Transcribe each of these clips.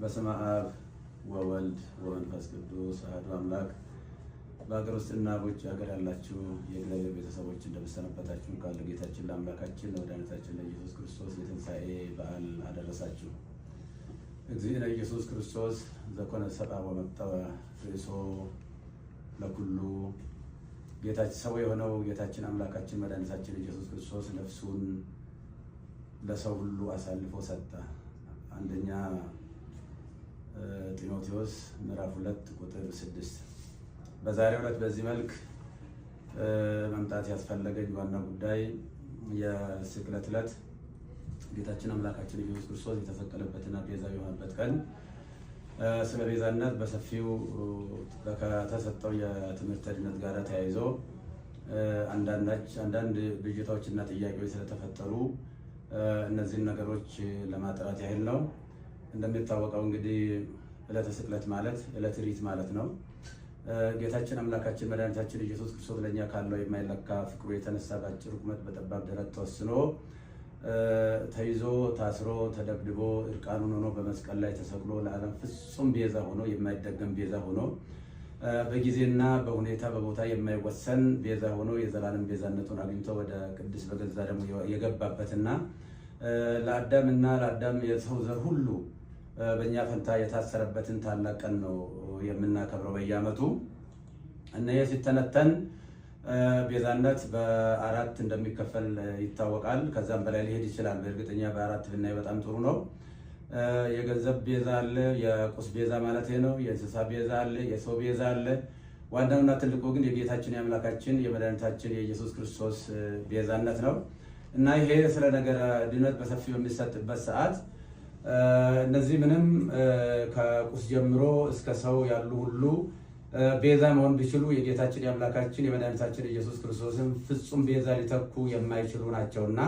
በስመ አብ ወወልድ ወመንፈስ ቅዱስ አሐዱ አምላክ። በሀገር ውስጥና በውጭ ሀገር ያላችሁ የእግዚአብሔር ቤተሰቦች እንደምሰነበታችሁ ካሉ ጌታችን ለአምላካችን ለመድኃኒታችን ለኢየሱስ ክርስቶስ የትንሣኤ በዓል አደረሳችሁ። እግዚእነ ኢየሱስ ክርስቶስ ዘኮነ ሰብአ ወመጠወ ርእሶ ለኩሉ ጌታችን ሰው የሆነው ጌታችን አምላካችን መድኃኒታችን ኢየሱስ ክርስቶስ ነፍሱን ለሰው ሁሉ አሳልፎ ሰጠ። አንደኛ ጢሞቴዎስ ምዕራፍ ሁለት ቁጥር ስድስት በዛሬው ዕለት በዚህ መልክ መምጣት ያስፈለገኝ ዋና ጉዳይ የስቅለት ዕለት ጌታችን አምላካችን ኢየሱስ ክርስቶስ የተሰቀለበትና ቤዛ የሆነበት ቀን ስለ ቤዛነት በሰፊው ከተሰጠው የትምህርት ድነት ጋር ተያይዞ አንዳንድ ብዥታዎችና ጥያቄዎች ስለተፈጠሩ እነዚህን ነገሮች ለማጥራት ያህል ነው። እንደሚታወቀው እንግዲህ ዕለተ ስቅለት ማለት ዕለተ ሪት ማለት ነው። ጌታችን አምላካችን መድኃኒታችን ኢየሱስ ክርስቶስ ለእኛ ካለው የማይለካ ፍቅሩ የተነሳ በአጭር ቁመት በጠባብ ደረት ተወስኖ ተይዞ ታስሮ ተደብድቦ እርቃኑን ሆኖ በመስቀል ላይ ተሰቅሎ ለዓለም ፍጹም ቤዛ ሆኖ የማይደገም ቤዛ ሆኖ በጊዜና በሁኔታ በቦታ የማይወሰን ቤዛ ሆኖ የዘላለም ቤዛነቱን አግኝቶ ወደ ቅድስት በገዛ ደግሞ የገባበትና ለአዳምና ለአዳም የሰው ዘር ሁሉ በእኛ ፈንታ የታሰረበትን ታላቅ ቀን ነው የምናከብረው በየዓመቱ እና ይህ ሲተነተን ቤዛነት በአራት እንደሚከፈል ይታወቃል። ከዛም በላይ ሊሄድ ይችላል። በእርግጠኛ በአራት ብናይ በጣም ጥሩ ነው። የገንዘብ ቤዛ አለ፣ የቁስ ቤዛ ማለት ነው። የእንስሳ ቤዛ አለ፣ የሰው ቤዛ አለ። ዋናውና ትልቁ ግን የጌታችን የአምላካችን የመድኃኒታችን የኢየሱስ ክርስቶስ ቤዛነት ነው እና ይሄ ስለ ነገረ ድነት በሰፊው የሚሰጥበት ሰዓት እነዚህ ምንም ከቁስ ጀምሮ እስከ ሰው ያሉ ሁሉ ቤዛ መሆን ቢችሉ የጌታችን የአምላካችን የመድኃኒታችን ኢየሱስ ክርስቶስን ፍጹም ቤዛ ሊተኩ የማይችሉ ናቸውና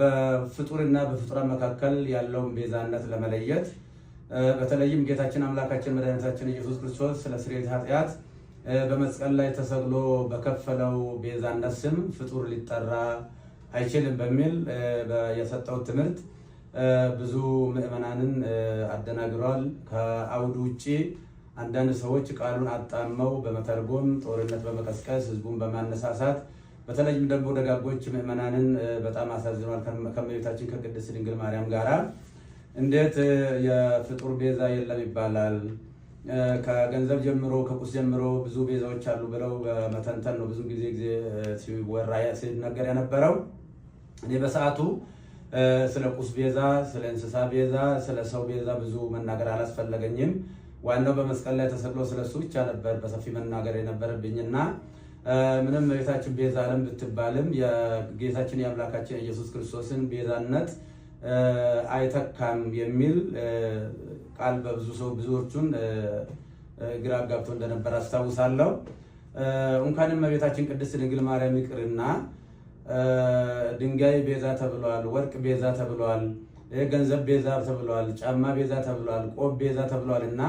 በፍጡርና በፍጡራን መካከል ያለውን ቤዛነት ለመለየት በተለይም ጌታችን አምላካችን መድኃኒታችን ኢየሱስ ክርስቶስ ስለ ስርየት ኃጢአት በመስቀል ላይ ተሰቅሎ በከፈለው ቤዛነት ስም ፍጡር ሊጠራ አይችልም በሚል የሰጠው ትምህርት ብዙ ምዕመናንን አደናግሯል። ከአውዱ ውጭ አንዳንድ ሰዎች ቃሉን አጣመው በመተርጎም ጦርነት በመቀስቀስ ህዝቡን በማነሳሳት በተለይም ደግሞ ደጋጎች ምዕመናንን በጣም አሳዝኗል። ከመቤታችን ከቅድስት ድንግል ማርያም ጋራ እንዴት የፍጡር ቤዛ የለም ይባላል? ከገንዘብ ጀምሮ ከቁስ ጀምሮ ብዙ ቤዛዎች አሉ ብለው በመተንተን ነው ብዙ ጊዜ ጊዜ ሲወራ ሲነገር የነበረው እኔ በሰዓቱ ስለ ቁስ ቤዛ፣ ስለ እንስሳ ቤዛ፣ ስለ ሰው ቤዛ ብዙ መናገር አላስፈለገኝም። ዋናው በመስቀል ላይ ተሰቅሎ ስለ እሱ ብቻ ነበር በሰፊ መናገር የነበረብኝና ምንም ቤታችን ቤዛ ዓለም ብትባልም የጌታችን የአምላካችን ኢየሱስ ክርስቶስን ቤዛነት አይተካም የሚል ቃል በብዙ ሰው ብዙዎቹን ግራ አጋብቶ እንደነበር አስታውሳለሁ። እንኳንም እመቤታችን ቅድስት ድንግል ማርያም ይቅርና ድንጋይ ቤዛ ተብለዋል፣ ወርቅ ቤዛ ተብለዋል፣ ገንዘብ ቤዛ ተብለዋል፣ ጫማ ቤዛ ተብለዋል፣ ቆብ ቤዛ ተብለዋል እና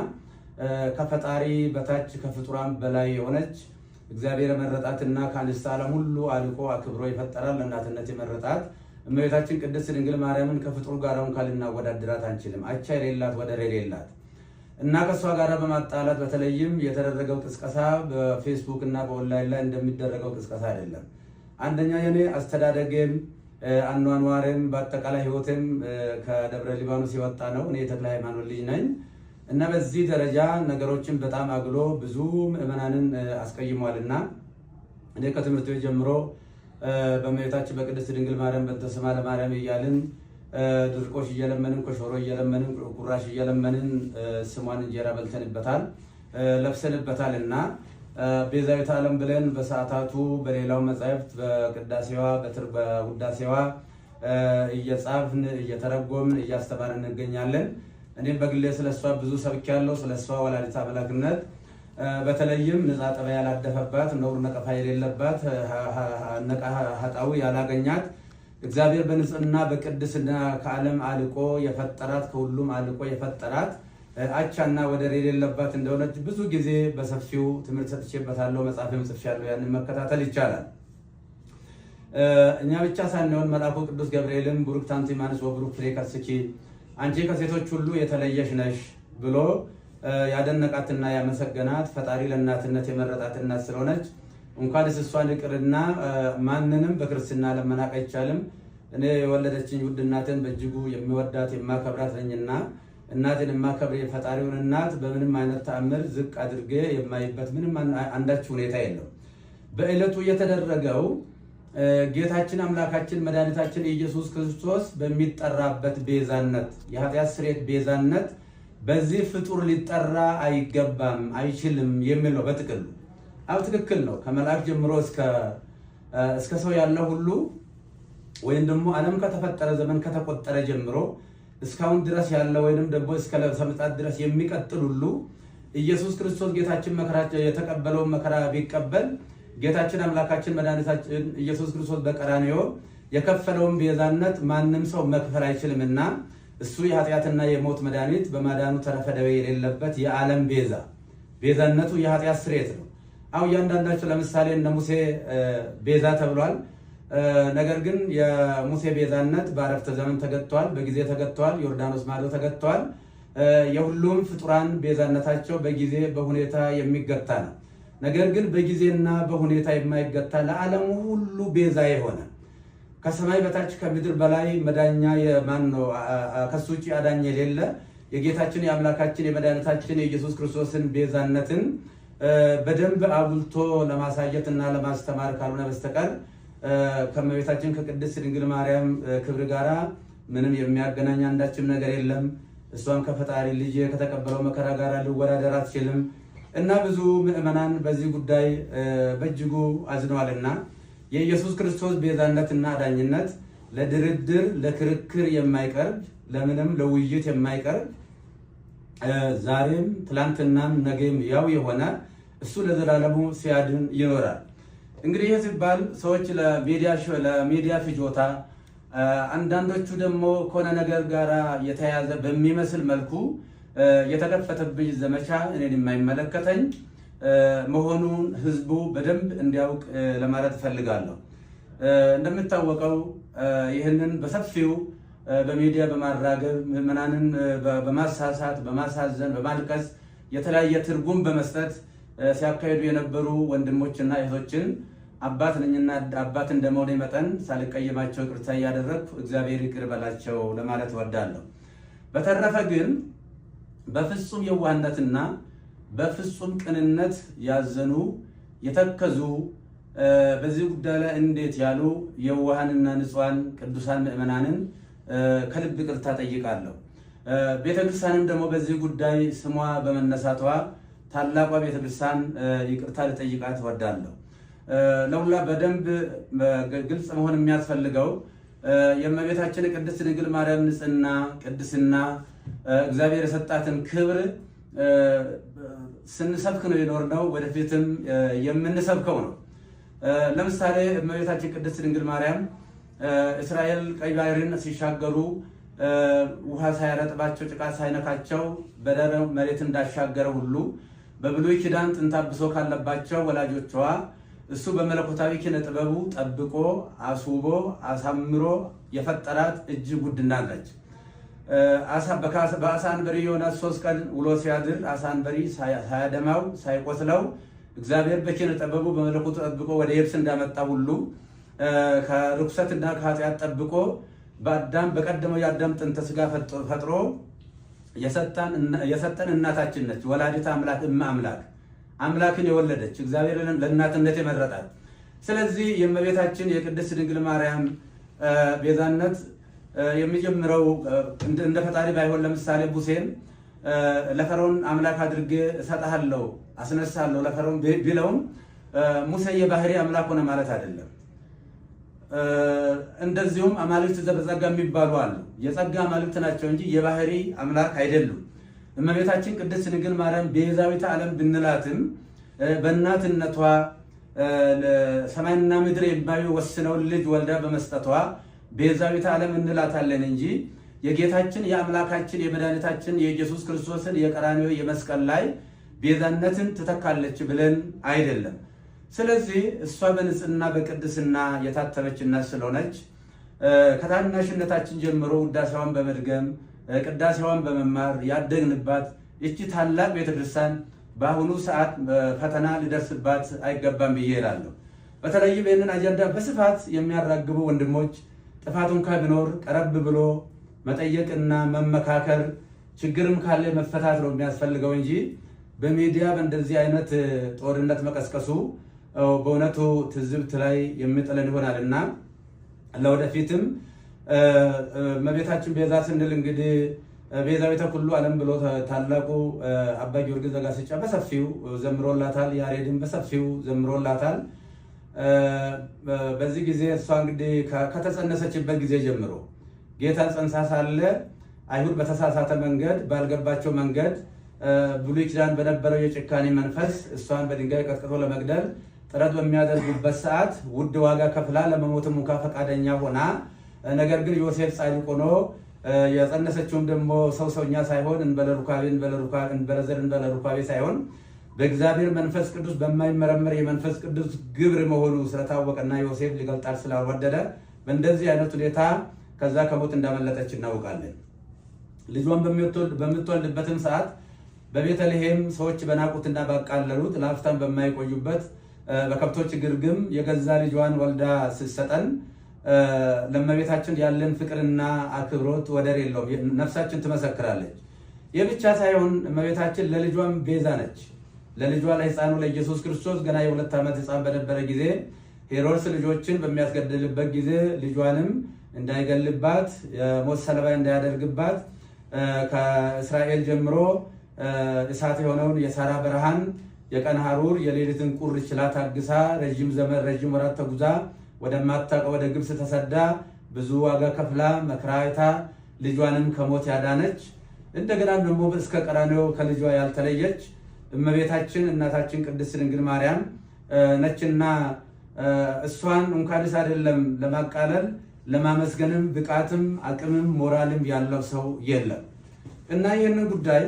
ከፈጣሪ በታች ከፍጡራን በላይ የሆነች እግዚአብሔር መረጣትና ከአንስተ ዓለም ሁሉ አልቆ አክብሮ ይፈጠራል ለእናትነት የመረጣት እመቤታችን ቅድስት ድንግል ማርያምን ከፍጡር ጋር እንኳን አንችልም። አቻ የሌላት ወደር የሌላት እና ከእሷ ጋር በማጣላት በተለይም የተደረገው ቅስቀሳ በፌስቡክ እና በኦንላይን ላይ እንደሚደረገው ቅስቀሳ አይደለም። አንደኛ የኔ አስተዳደጌም አኗኗሬም በአጠቃላይ ህይወቴም ከደብረ ሊባኖስ የወጣ ነው። እኔ የተክለ ሃይማኖት ልጅ ነኝ እና በዚህ ደረጃ ነገሮችን በጣም አግሎ ብዙ ምዕመናንን አስቀይሟል እና እኔ ከትምህርት ቤት ጀምሮ በእመቤታችን በቅድስት ድንግል ማርያም በእንተ ስማ ለማርያም እያልን ድርቆሽ እየለመንን ኮሾሮ እየለመንን ቁራሽ እየለመንን ስሟን እንጀራ በልተንበታል ለብሰንበታል እና ቤዛዊት ዓለም ብለን በሰዓታቱ በሌላው መጻሕፍት በቅዳሴዋ በውዳሴዋ እየጻፍን እየተረጎምን እያስተማርን እንገኛለን። እኔም በግሌ ስለሷ ብዙ ሰብኬያለሁ። ስለሷ ወላዲተ አምላክነት በተለይም ንጻ ጠባ ያላደፈባት ነውር ነቀፋ የሌለባት ኃጣዊ ያላገኛት እግዚአብሔር በንጽህና በቅድስና ከዓለም አልቆ የፈጠራት ከሁሉም አልቆ የፈጠራት አቻና ወደር የሌለባት እንደሆነች ብዙ ጊዜ በሰፊው ትምህርት ሰጥቼበታለሁ። መጽሐፍም ጽፌያለሁ። ያንን መከታተል ይቻላል። እኛ ብቻ ሳንሆን መልአኩ ቅዱስ ገብርኤልም ቡሩክ ታንቲ ማንስ ወቡሩክ ፍሬከስኪ አንቺ ከሴቶች ሁሉ የተለየሽ ነሽ ብሎ ያደነቃትና ያመሰገናት ፈጣሪ ለእናትነት የመረጣት እናት ስለሆነች እንኳን እሷን ይቅርና ማንንም በክርስትና ለመናቅ አይቻልም። እኔ የወለደችኝ ውድ በእጅጉ የሚወዳት የማከብራት ነኝና እናቴን የማከብር የፈጣሪውን እናት በምንም አይነት ተአምር ዝቅ አድርጌ የማይበት ምንም አንዳች ሁኔታ የለም። በዕለቱ የተደረገው ጌታችን አምላካችን መድኃኒታችን ኢየሱስ ክርስቶስ በሚጠራበት ቤዛነት የኃጢአት ስሬት ቤዛነት በዚህ ፍጡር ሊጠራ አይገባም አይችልም የሚል ነው። በጥቅሉ አብ ትክክል ነው። ከመልአክ ጀምሮ እስከ ሰው ያለ ሁሉ ወይም ደግሞ ዓለም ከተፈጠረ ዘመን ከተቆጠረ ጀምሮ እስካሁን ድረስ ያለ ወይንም ደግሞ እስከ ለብሰ ምጽአት ድረስ የሚቀጥል ሁሉ ኢየሱስ ክርስቶስ ጌታችን መከራ የተቀበለውን መከራ ቢቀበል ጌታችን አምላካችን መድኃኒታችን ኢየሱስ ክርስቶስ በቀራንዮ የከፈለውን ቤዛነት ማንም ሰው መክፈል አይችልምና እሱ የኃጢአትና የሞት መድኃኒት በማዳኑ ተረፈ ደዌ የሌለበት የዓለም ቤዛ ቤዛነቱ የኃጢአት ስርየት ነው። አው እያንዳንዳቸው ለምሳሌ እነ ሙሴ ቤዛ ተብሏል። ነገር ግን የሙሴ ቤዛነት በአረፍተ ዘመን ተገጥቷል፣ በጊዜ ተገጥቷል፣ ዮርዳኖስ ማዶ ተገጥቷል። የሁሉም ፍጡራን ቤዛነታቸው በጊዜ በሁኔታ የሚገታ ነው። ነገር ግን በጊዜና በሁኔታ የማይገታ ለዓለም ሁሉ ቤዛ የሆነ ከሰማይ በታች ከምድር በላይ መዳኛ የማን ነው? ከሱ ውጭ አዳኝ የሌለ የጌታችን የአምላካችን የመድኃኒታችን የኢየሱስ ክርስቶስን ቤዛነትን በደንብ አጉልቶ ለማሳየት እና ለማስተማር ካልሆነ በስተቀር ከመቤታችን ከቅድስት ድንግል ማርያም ክብር ጋራ ምንም የሚያገናኝ አንዳችም ነገር የለም። እሷም ከፈጣሪ ልጅ ከተቀበለው መከራ ጋር ልወዳደር አትችልም እና ብዙ ምዕመናን በዚህ ጉዳይ በእጅጉ አዝነዋልና የኢየሱስ ክርስቶስ ቤዛነትና አዳኝነት ለድርድር ለክርክር የማይቀርብ ለምንም ለውይይት የማይቀርብ ዛሬም ትላንትናም ነገም ያው የሆነ እሱ ለዘላለሙ ሲያድን ይኖራል። እንግዲህ ይህ ሲባል ሰዎች ለሚዲያ ፍጆታ፣ አንዳንዶቹ ደግሞ ከሆነ ነገር ጋር የተያያዘ በሚመስል መልኩ የተከፈተብኝ ዘመቻ እኔን የማይመለከተኝ መሆኑን ህዝቡ በደንብ እንዲያውቅ ለማለት እፈልጋለሁ። እንደሚታወቀው ይህንን በሰፊው በሚዲያ በማራገብ ምዕመናንን በማሳሳት፣ በማሳዘን፣ በማልቀስ የተለያየ ትርጉም በመስጠት ሲያካሄዱ የነበሩ ወንድሞችና እህቶችን አባት ነኝና አባት እንደመሆኔ መጠን ሳልቀየማቸው ቅርታ እያደረግኩ እግዚአብሔር ይቅር በላቸው ለማለት ወዳለሁ። በተረፈ ግን በፍጹም የዋህነትና በፍጹም ቅንነት ያዘኑ የተከዙ በዚህ ጉዳይ ላይ እንዴት ያሉ የዋሃንና ንጹሐን ቅዱሳን ምእመናንን ከልብ ቅርታ ጠይቃለሁ። ቤተክርስቲያንም ደግሞ በዚህ ጉዳይ ስሟ በመነሳቷ ታላቋ ቤተክርስቲያን ይቅርታ ልጠይቃት እወዳለሁ። ለሁላ በደንብ ግልጽ መሆን የሚያስፈልገው የእመቤታችን ቅድስት ድንግል ማርያም ንጽህና ቅድስና እግዚአብሔር የሰጣትን ክብር ስንሰብክ ነው የኖርነው፣ ወደፊትም የምንሰብከው ነው። ለምሳሌ እመቤታችን ቅድስት ድንግል ማርያም እስራኤል ቀይ ባህርን ሲሻገሩ ውሃ ሳያረጥባቸው ጭቃ ሳይነካቸው በደረ መሬት እንዳሻገረ ሁሉ በብሉይ ኪዳን ጥንተ አብሶ ካለባቸው ወላጆቿ እሱ በመለኮታዊ ኪነ ጥበቡ ጠብቆ አስውቦ አሳምሮ የፈጠራት እጅግ ውድ እናት ነች። በአሳ አንበሪ ሶስት ቀን ውሎ ሲያድር አሳ አንበሪ ሳያደማው ሳይቆስለው እግዚአብሔር በኪነ ጥበቡ በመለኮቱ ጠብቆ ወደ የብስ እንዳመጣ ሁሉ ከርኩሰትና ከኃጢአት ጠብቆ በአዳም በቀደመው የአዳም ጥንተ ስጋ ፈጥሮ የሰጠን እናታችን ነች። ወላዲት አምላክ እመ አምላክ አምላክን የወለደች እግዚአብሔርንም ለእናትነት የመረጣት። ስለዚህ የእመቤታችን የቅድስት ድንግል ማርያም ቤዛነት የሚጀምረው እንደ ፈጣሪ ባይሆን ለምሳሌ ሙሴን ለፈርዖን አምላክ አድርጌ እሰጥሃለሁ አስነሳለሁ ለፈርዖን ቢለውም ሙሴ የባህሪ አምላክ ሆነ ማለት አይደለም። እንደዚሁም አማልክት ዘበጸጋ የሚባሉ አሉ። የጸጋ አማልክት ናቸው እንጂ የባህሪ አምላክ አይደሉም። እመቤታችን ቅድስት ድንግል ማርያም ቤዛዊተ ዓለም ብንላትም በእናትነቷ ሰማይና ምድር የማይወስነውን ልጅ ወልዳ በመስጠቷ ቤዛዊተ ዓለም እንላታለን እንጂ የጌታችን የአምላካችን የመድኃኒታችን የኢየሱስ ክርስቶስን የቀራንዮ የመስቀል ላይ ቤዛነትን ትተካለች ብለን አይደለም። ስለዚህ እሷ በንጽህና በቅድስና የታተበችና ስለሆነች ከታናሽነታችን ጀምሮ ውዳሴዋን በመድገም ቅዳሴዋን በመማር ያደግንባት እቺ ታላቅ ቤተክርስቲያን በአሁኑ ሰዓት ፈተና ሊደርስባት አይገባም ብዬ እላለሁ። በተለይም ይህንን አጀንዳ በስፋት የሚያራግቡ ወንድሞች ጥፋት እንኳ ቢኖር ቀረብ ብሎ መጠየቅና መመካከር፣ ችግርም ካለ መፈታት ነው የሚያስፈልገው እንጂ በሚዲያ በእንደዚህ አይነት ጦርነት መቀስቀሱ በእውነቱ ትዝብት ላይ የሚጥለን ይሆናል እና ለወደፊትም እመቤታችን ቤዛ ስንል እንግዲህ ቤዛዊተ ኩሉ ዓለም ብሎ ታላቁ አባ ጊዮርጊስ ዘጋስጫ በሰፊው ዘምሮላታል። ያሬድን በሰፊው ዘምሮላታል። በዚህ ጊዜ እሷ እንግዲህ ከተጸነሰችበት ጊዜ ጀምሮ ጌታ ጸንሳ ሳለ አይሁድ በተሳሳተ መንገድ ባልገባቸው መንገድ ብሉይ ኪዳን በነበረው የጭካኔ መንፈስ እሷን በድንጋይ ቀጥቅጦ ለመግደል ጥረት በሚያደርጉበት ሰዓት ውድ ዋጋ ከፍላ ለመሞት ሙካ ፈቃደኛ ሆና ነገር ግን ዮሴፍ ጻድቅ ሆኖ የጸነሰችውም ደግሞ ሰው ሰውኛ ሳይሆን እንበለ ሩካቤ እንበለ ሳይሆን በእግዚአብሔር መንፈስ ቅዱስ በማይመረመር የመንፈስ ቅዱስ ግብር መሆኑ ስለታወቀና ዮሴፍ ሊገልጣል ስላልወደደ በእንደዚህ አይነት ሁኔታ ከዛ ከሞት እንዳመለጠች እናውቃለን። ልጇን በምትወልድበትም ሰዓት በቤተልሔም ሰዎች በናቁትና ባቃለሉት ላፍታን በማይቆዩበት በከብቶች ግርግም የገዛ ልጇን ወልዳ ስትሰጠን ለእመቤታችን ያለን ፍቅርና አክብሮት ወደር የለውም። ነፍሳችን ትመሰክራለች። ይህ ብቻ ሳይሆን እመቤታችን ለልጇም ቤዛ ነች። ለልጇ ለሕፃኑ ለኢየሱስ ክርስቶስ ገና የሁለት ዓመት ሕፃን በነበረ ጊዜ ሄሮድስ ልጆችን በሚያስገድልበት ጊዜ ልጇንም እንዳይገልባት የሞት ሰለባ እንዳያደርግባት ከእስራኤል ጀምሮ እሳት የሆነውን የሳራ በረሃን የቀን ሐሩር የሌሊትን ቁር ችላ ታግሳ ረዥም ዘመን ረዥም ወራት ተጉዛ ወደማታውቀው ወደ ግብፅ ተሰዳ ብዙ ዋጋ ከፍላ መከራይታ ልጇንም ከሞት ያዳነች እንደገና ደግሞ እስከ ቀራንዮ ከልጇ ያልተለየች እመቤታችን እናታችን ቅድስት ድንግል ማርያም ነችና እሷን እንኳንስ አይደለም ለማቃለል ለማመስገንም ብቃትም አቅምም ሞራልም ያለው ሰው የለም። እና ይህንን ጉዳይ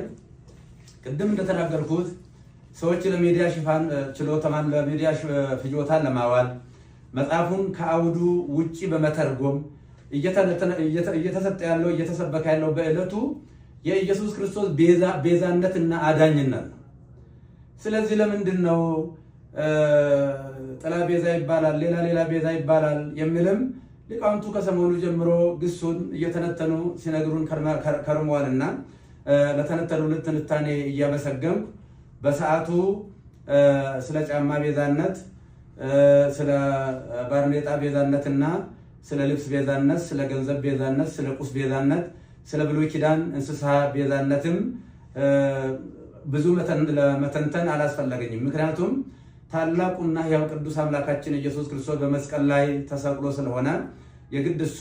ቅድም እንደተናገርኩት ሰዎች ለሚዲያ ሽፋን ችሎታማን ለሚዲያ ፍጆታ ለማዋል መጽሐፉን ከአውዱ ውጭ በመተርጎም እየተሰጠ ያለው እየተሰበከ ያለው በዕለቱ የኢየሱስ ክርስቶስ ቤዛነትና አዳኝነት ነው። ስለዚህ ለምንድን ነው ጥላ ቤዛ ይባላል፣ ሌላ ሌላ ቤዛ ይባላል የሚልም ሊቃውንቱ ከሰሞኑ ጀምሮ ግሱን እየተነተኑ ሲነግሩን ከርመዋልና ለተነተኑ ልትንታኔ እያመሰገንኩ በሰዓቱ ስለ ጫማ ቤዛነት ስለ ባርኔጣ ቤዛነትና ስለ ልብስ ቤዛነት፣ ስለ ገንዘብ ቤዛነት፣ ስለ ቁስ ቤዛነት፣ ስለ ብሉይ ኪዳን እንስሳ ቤዛነትም ብዙ ለመተንተን አላስፈለገኝም። ምክንያቱም ታላቁና ያው ቅዱስ አምላካችን ኢየሱስ ክርስቶስ በመስቀል ላይ ተሰቅሎ ስለሆነ የግድ እሱ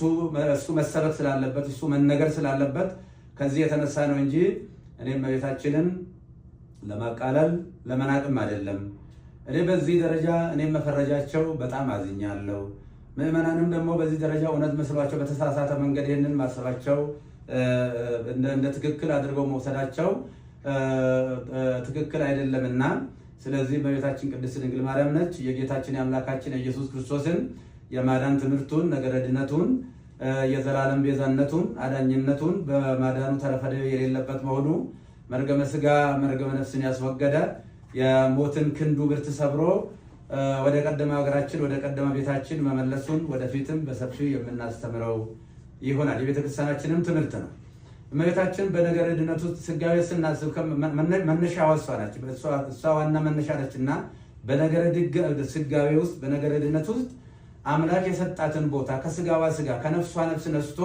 መሰረት ስላለበት እሱ መነገር ስላለበት ከዚህ የተነሳ ነው እንጂ እኔም እመቤታችንን ለማቃለል ለመናቅም አይደለም። እኔ በዚህ ደረጃ እኔም መፈረጃቸው በጣም አዝኛለሁ። ምዕመናንም ደግሞ በዚህ ደረጃ እውነት መስሏቸው በተሳሳተ መንገድ ይህንን ማሰባቸው እንደ ትክክል አድርገው መውሰዳቸው ትክክል አይደለምና ስለዚህ በቤታችን ቅድስት ድንግል ማርያም ነች የጌታችን የአምላካችን የኢየሱስ ክርስቶስን የማዳን ትምህርቱን ነገረድነቱን የዘላለም ቤዛነቱን አዳኝነቱን በማዳኑ ተረፈደ የሌለበት መሆኑ መርገመ ስጋ መርገመ ነፍስን ያስወገደ የሞትን ክንዱ ብርት ሰብሮ ወደ ቀደመ ሀገራችን ወደ ቀደመ ቤታችን መመለሱን ወደፊትም በሰፊው የምናስተምረው ይሆናል። የቤተክርስቲያናችንም ትምህርት ነው። እመቤታችን በነገረ ድነት ውስጥ ስናስብ መነሻ እሷ ናች፣ እሷ ዋና መነሻ ነች እና በነገረ ስጋዊ ውስጥ በነገረ ድነት ውስጥ አምላክ የሰጣትን ቦታ ከስጋዋ ስጋ ከነፍሷ ነፍስ ነስቶ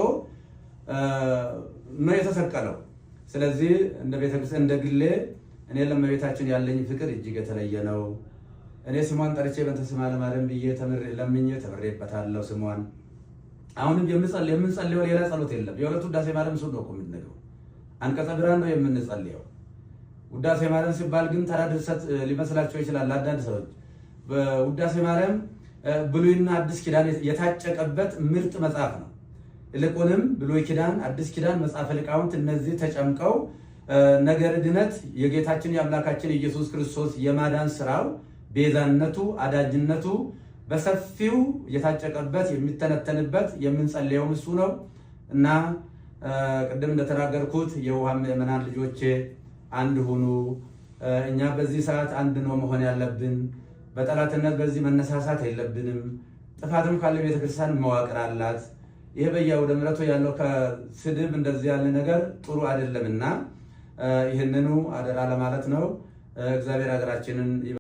ነው የተሰቀለው። ስለዚህ እንደ ቤተክርስቲያን እንደ ግሌ እኔ ለመቤታችን ያለኝ ፍቅር እጅግ የተለየ ነው። እኔ ስሟን ጠርቼ በእንተ ስማ ለማርያም ብዬ ለምኜ ተምሬበታለሁ። ስሟን አሁንም የምንጸልየው ሌላ ጸሎት የለም። የሁለት ውዳሴ ማርያም እሱን ነው እኮ አንቀጸ ብርሃን ነው የምንጸልየው። ውዳሴ ማርያም ሲባል ግን ተራ ድርሰት ሊመስላቸው ይችላል አንዳንድ ሰዎች። ውዳሴ ማርያም ብሉይና አዲስ ኪዳን የታጨቀበት ምርጥ መጽሐፍ ነው። ይልቁንም ብሉይ ኪዳን፣ አዲስ ኪዳን፣ መጽሐፈ ሊቃውንት እነዚህ ተጨምቀው ነገር ድነት የጌታችን የአምላካችን ኢየሱስ ክርስቶስ የማዳን ስራው ቤዛነቱ፣ አዳጅነቱ በሰፊው የታጨቀበት የሚተነተንበት የምንጸልየውም እሱ ነው እና ቅድም እንደተናገርኩት የውሃ ምዕመናን ልጆቼ አንድ ሁኑ። እኛ በዚህ ሰዓት አንድ ነው መሆን ያለብን። በጠላትነት በዚህ መነሳሳት የለብንም። ጥፋትም ካለ ቤተክርስቲያን መዋቅር አላት። ይሄ በየአውደ ምሕረቱ ያለው ከስድብ እንደዚህ ያለ ነገር ጥሩ አይደለምና ይህንኑ አደራ ለማለት ነው። እግዚአብሔር ሀገራችንን